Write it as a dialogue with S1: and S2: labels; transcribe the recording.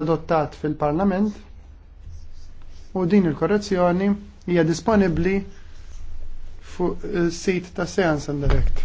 S1: adottat fil-Parlament u din il-korrezzjoni hija
S2: disponibbli fuq is eh, sit ta' Seance and Direct.